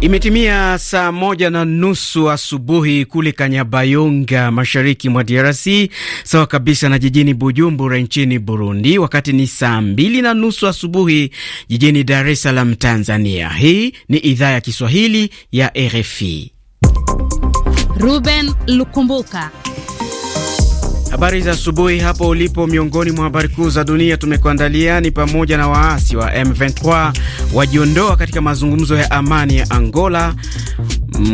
Imetimia saa moja na nusu asubuhi kule Kanyabayonga, mashariki mwa DRC, sawa kabisa na jijini Bujumbura nchini Burundi, wakati ni saa mbili na nusu asubuhi jijini Dar es Salaam, Tanzania. Hii ni idhaa ya Kiswahili ya RFI. Ruben Lukumbuka Habari za asubuhi hapo ulipo. Miongoni mwa habari kuu za dunia tumekuandalia ni pamoja na waasi wa M23 wajiondoa katika mazungumzo ya amani ya Angola,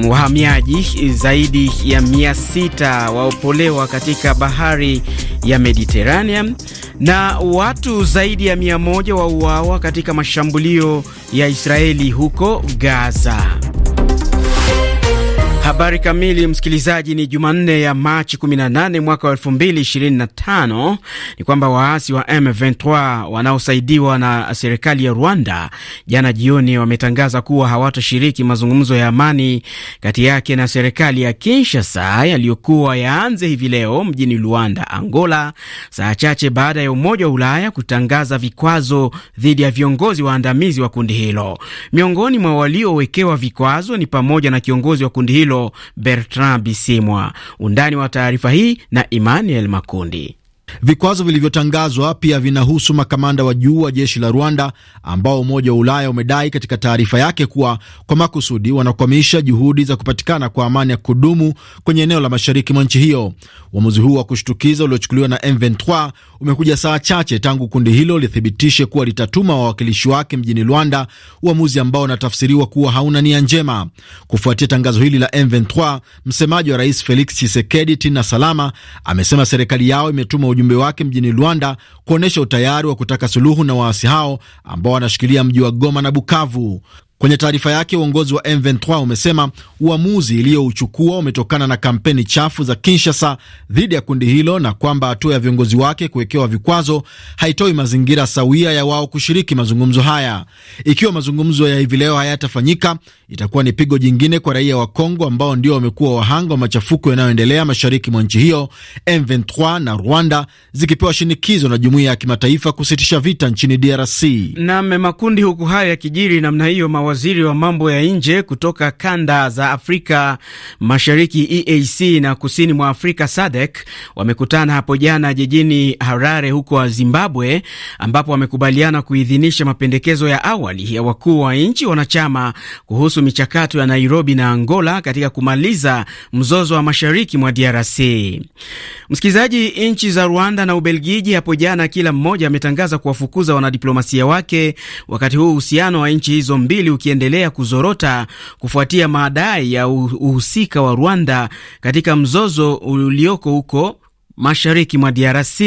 wahamiaji zaidi ya mia sita waopolewa katika bahari ya Mediterranean, na watu zaidi ya mia moja wauawa katika mashambulio ya Israeli huko Gaza. Habari kamili, msikilizaji, ni Jumanne ya Machi 18 mwaka wa 2025. Ni kwamba waasi wa M23 wanaosaidiwa na serikali ya Rwanda jana jioni wametangaza kuwa hawatashiriki mazungumzo ya amani kati yake na serikali ya Kinshasa yaliyokuwa yaanze hivi leo mjini Luanda, Angola, saa chache baada ya Umoja wa Ulaya kutangaza vikwazo dhidi ya viongozi waandamizi wa kundi hilo. Miongoni mwa waliowekewa vikwazo ni pamoja na kiongozi wa kundi hilo hilo Bertrand Bisimwa. Undani wa taarifa hii na Emmanuel Makundi. Vikwazo vilivyotangazwa pia vinahusu makamanda wa juu wa jeshi la Rwanda ambao Umoja wa Ulaya umedai katika taarifa yake kuwa kwa makusudi wanakwamisha juhudi za kupatikana kwa amani ya kudumu kwenye eneo la mashariki mwa nchi hiyo. Uamuzi huu wa kushtukiza uliochukuliwa na M23 umekuja saa chache tangu kundi hilo lithibitishe kuwa litatuma wawakilishi wake mjini Rwanda, uamuzi ambao unatafsiriwa kuwa hauna nia njema. Kufuatia tangazo hili la M23, msemaji wa Rais Felix Chisekedi, Tina Salama amesema serikali yao imetuma ujumbe wake mjini Luanda kuonyesha utayari wa kutaka suluhu na waasi hao ambao wanashikilia mji wa Goma na Bukavu. Kwenye taarifa yake, uongozi wa M23 umesema uamuzi iliyouchukua umetokana na kampeni chafu za Kinshasa dhidi ya kundi hilo na kwamba hatua ya viongozi wake kuwekewa vikwazo haitoi mazingira sawia ya wao kushiriki mazungumzo haya. Ikiwa mazungumzo ya hivi leo hayatafanyika, itakuwa ni pigo jingine kwa raia wa Kongo ambao ndio wamekuwa wahanga wa machafuko yanayoendelea mashariki mwa nchi hiyo, M23 na Rwanda zikipewa shinikizo na jumuiya ya kimataifa kusitisha vita nchini DRC. Naam, makundi huku yakijiri namna hiyo waziri wa mambo ya nje kutoka kanda za Afrika Mashariki EAC na kusini mwa Afrika SADC wamekutana hapo jana jijini Harare huko Zimbabwe, ambapo wamekubaliana kuidhinisha mapendekezo ya awali ya wakuu wa nchi wanachama kuhusu michakato ya Nairobi na Angola katika kumaliza mzozo wa mashariki mwa DRC. Msikilizaji, nchi za Rwanda na Ubelgiji hapo jana kila mmoja ametangaza kuwafukuza wanadiplomasia wake, wakati huu uhusiano wa nchi hizo mbili ukiendelea kuzorota kufuatia madai ya uhusika wa Rwanda katika mzozo ulioko huko mashariki mwa DRC.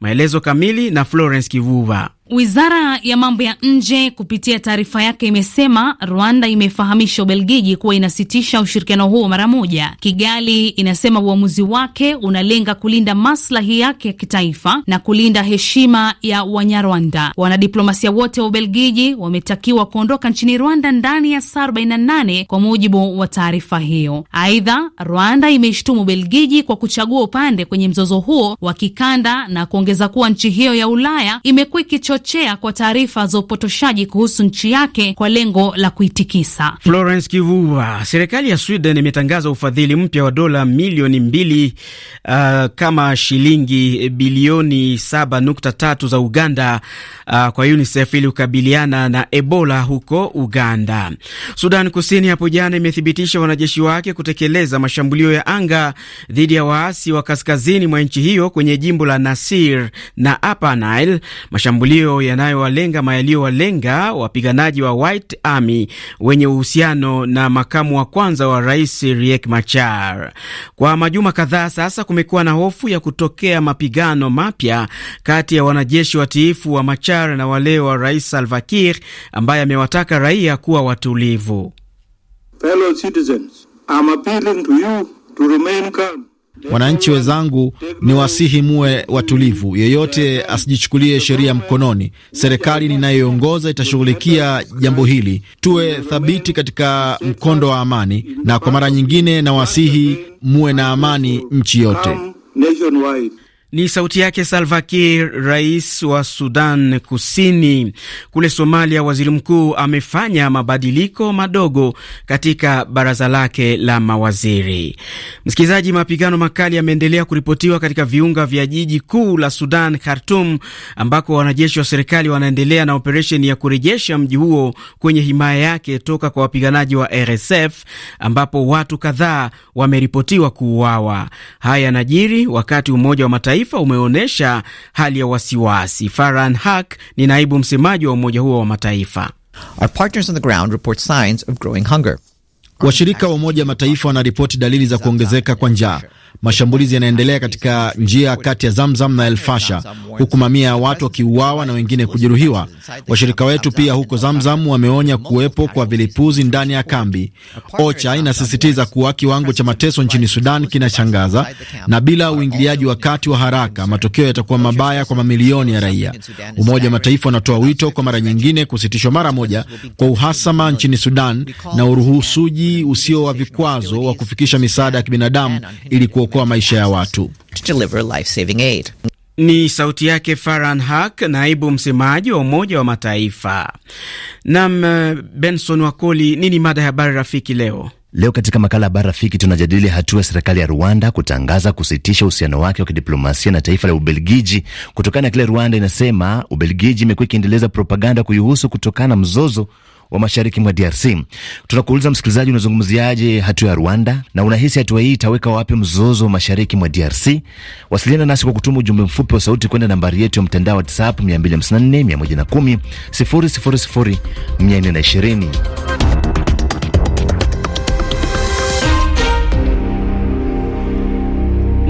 Maelezo kamili na Florence Kivuva. Wizara ya mambo ya nje kupitia taarifa yake imesema Rwanda imefahamisha Ubelgiji kuwa inasitisha ushirikiano huo mara moja. Kigali inasema uamuzi wake unalenga kulinda maslahi yake ya kitaifa na kulinda heshima ya Wanyarwanda. Wanadiplomasia wote wa Ubelgiji wametakiwa kuondoka nchini Rwanda ndani ya saa 48 kwa mujibu wa taarifa hiyo. Aidha, Rwanda imeishtumu Ubelgiji kwa kuchagua upande kwenye mzozo huo wa kikanda na kuongeza kuwa nchi hiyo ya Ulaya imekuwa ikicho kuchochea kwa taarifa za upotoshaji kuhusu nchi yake kwa lengo la kuitikisa. Florence Kivuva. Serikali ya Sweden imetangaza ufadhili mpya wa dola milioni mbili uh, kama shilingi bilioni 7.3 za Uganda uh, kwa UNICEF ili kukabiliana na Ebola huko Uganda. Sudan Kusini hapo jana imethibitisha wanajeshi wake kutekeleza mashambulio ya anga dhidi ya waasi wa kaskazini mwa nchi hiyo kwenye jimbo la Nasir na Upper Nile, mashambulio maeneo yanayowalenga mayaliyowalenga wapiganaji wa White Army wenye uhusiano na makamu wa kwanza wa rais Riek Machar. Kwa majuma kadhaa sasa, kumekuwa na hofu ya kutokea mapigano mapya kati ya wanajeshi watiifu wa Machar na wale wa rais Salva Kiir ambaye amewataka raia kuwa watulivu. Fellow citizens, I'm appealing to you to remain calm. Wananchi wenzangu, ni wasihi muwe watulivu, yeyote asijichukulie sheria mkononi. Serikali ninayoongoza itashughulikia jambo hili, tuwe thabiti katika mkondo wa amani, na kwa mara nyingine na wasihi muwe na amani nchi yote. Ni sauti yake Salva Kiir, rais wa Sudan Kusini. Kule Somalia, waziri mkuu amefanya mabadiliko madogo katika baraza lake la mawaziri. Msikilizaji, mapigano makali yameendelea kuripotiwa katika viunga vya jiji kuu la Sudan, Khartum, ambako wanajeshi wa serikali wanaendelea na operesheni ya kurejesha mji huo kwenye himaya yake toka kwa wapiganaji wa RSF, ambapo watu kadhaa wameripotiwa kuuawa. Haya yanajiri wakati Umoja wa Mataifa Mataifa umeonyesha hali ya wasiwasi. faran Hak ni naibu msemaji wa umoja huo wa Mataifa. Washirika wa Umoja Mataifa wanaripoti dalili za kuongezeka kwa njaa. Mashambulizi yanaendelea katika njia kati ya Zamzam na elfasha huku mamia ya watu wakiuawa na wengine kujeruhiwa. Washirika wetu pia huko Zamzam wameonya kuwepo kwa vilipuzi ndani ya kambi. OCHA inasisitiza kuwa kiwango cha mateso nchini Sudan kinashangaza, na bila uingiliaji wa kati wa haraka, matokeo yatakuwa mabaya kwa mamilioni ya raia. Umoja wa Mataifa unatoa wito kwa mara nyingine kusitishwa mara moja kwa uhasama nchini Sudan na uruhusuji usio wa vikwazo wa kufikisha misaada ya kibinadamu ili kuokoa maisha ya watu. Ni sauti yake Faran Hak, naibu msemaji wa Umoja wa Mataifa. Nam eh, Benson Wakoli, nini mada ya habari rafiki leo? Leo katika makala ya habari rafiki tunajadili hatua ya serikali ya Rwanda kutangaza kusitisha uhusiano wake wa kidiplomasia na taifa la Ubelgiji kutokana na kile Rwanda inasema Ubelgiji imekuwa ikiendeleza propaganda kuihusu kutokana na mzozo wa mashariki mwa DRC. Tunakuuliza msikilizaji, unazungumziaje hatua ya Rwanda na unahisi hatua hii itaweka wapi mzozo wa mashariki mwa DRC? Wasiliana nasi kwa kutuma ujumbe mfupi wa sauti kwenda nambari yetu ya mtandao wa WhatsApp 254 110 000 420.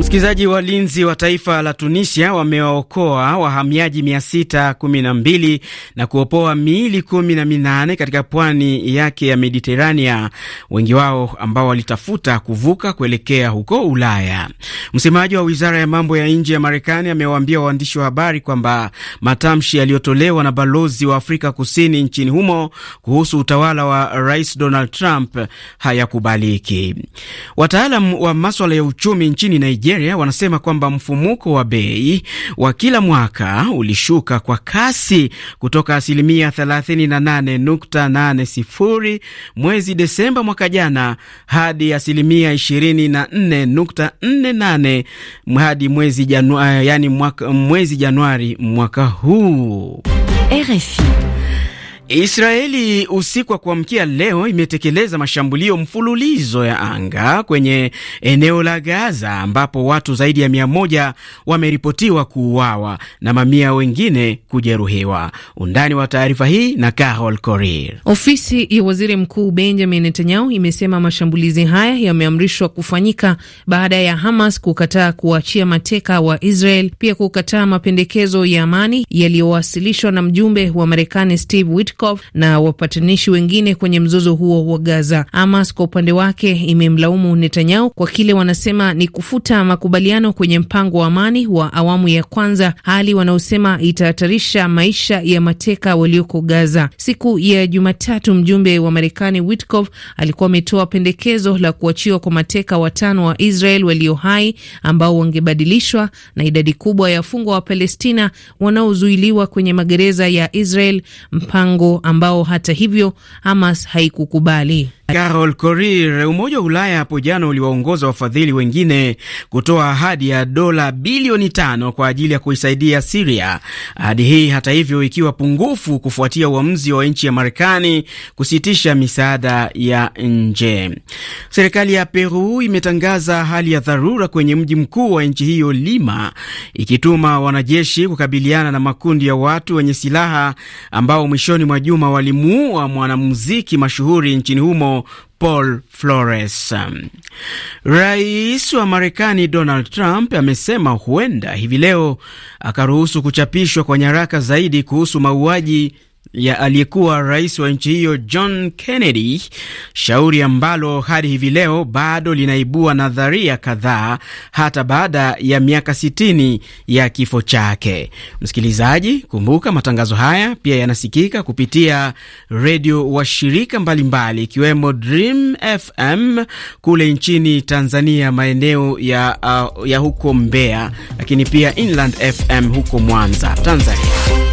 Msikilizaji, walinzi wa taifa la Tunisia wamewaokoa wahamiaji 612 na kuopoa miili 18 katika pwani yake ya Mediterania, wengi wao ambao walitafuta kuvuka kuelekea huko Ulaya. Msemaji wa wizara ya mambo ya nje ya Marekani amewaambia waandishi wa habari kwamba matamshi yaliyotolewa na balozi wa Afrika Kusini nchini humo kuhusu utawala wa Rais Donald Trump hayakubaliki. Wataalam wa maswala ya uchumi nchini Nigeria Nigeria wanasema kwamba mfumuko wa bei wa kila mwaka ulishuka kwa kasi kutoka asilimia 38.80 mwezi Desemba mwaka jana hadi asilimia 24.48 hadi mwezi Januari, eh, yani mwaka, mwezi Januari mwaka huu. RFI Israeli usiku wa kuamkia leo imetekeleza mashambulio mfululizo ya anga kwenye eneo la Gaza ambapo watu zaidi ya mia moja wameripotiwa kuuawa na mamia wengine kujeruhiwa. Undani wa taarifa hii na Carol Korir. Ofisi ya waziri mkuu Benjamin Netanyahu imesema mashambulizi haya yameamrishwa kufanyika baada ya Hamas kukataa kuachia mateka wa Israel, pia kukataa mapendekezo ya amani yaliyowasilishwa na mjumbe wa Marekani Steve Witkoff Peskov na wapatanishi wengine kwenye mzozo huo wa Gaza. Hamas kwa upande wake imemlaumu Netanyahu kwa kile wanasema ni kufuta makubaliano kwenye mpango wa amani wa awamu ya kwanza, hali wanaosema itahatarisha maisha ya mateka walioko Gaza. Siku ya Jumatatu, mjumbe wa Marekani Witkov alikuwa ametoa pendekezo la kuachiwa kwa mateka watano wa Israel walio hai ambao wangebadilishwa na idadi kubwa ya wafungwa wa Palestina wanaozuiliwa kwenye magereza ya Israel mpango ambao hata hivyo Hamas haikukubali. Carol Korir. Umoja wa Ulaya hapo jana uliwaongoza wafadhili wengine kutoa ahadi ya dola bilioni tano kwa ajili ya kuisaidia Siria, ahadi hii hata hivyo ikiwa pungufu kufuatia uamuzi wa nchi ya Marekani kusitisha misaada ya nje. Serikali ya Peru imetangaza hali ya dharura kwenye mji mkuu wa nchi hiyo Lima, ikituma wanajeshi kukabiliana na makundi ya watu wenye silaha ambao mwishoni mwa juma walimuua mwanamuziki mashuhuri nchini humo Paul Flores. Rais wa Marekani Donald Trump amesema huenda hivi leo akaruhusu kuchapishwa kwa nyaraka zaidi kuhusu mauaji ya aliyekuwa rais wa nchi hiyo John Kennedy, shauri ambalo hadi hivi leo bado linaibua nadharia kadhaa hata baada ya miaka 60 ya kifo chake. Msikilizaji, kumbuka matangazo haya pia yanasikika kupitia redio wa shirika mbalimbali ikiwemo Dream FM kule nchini Tanzania maeneo ya, uh, ya huko Mbeya, lakini pia Inland FM huko Mwanza, Tanzania.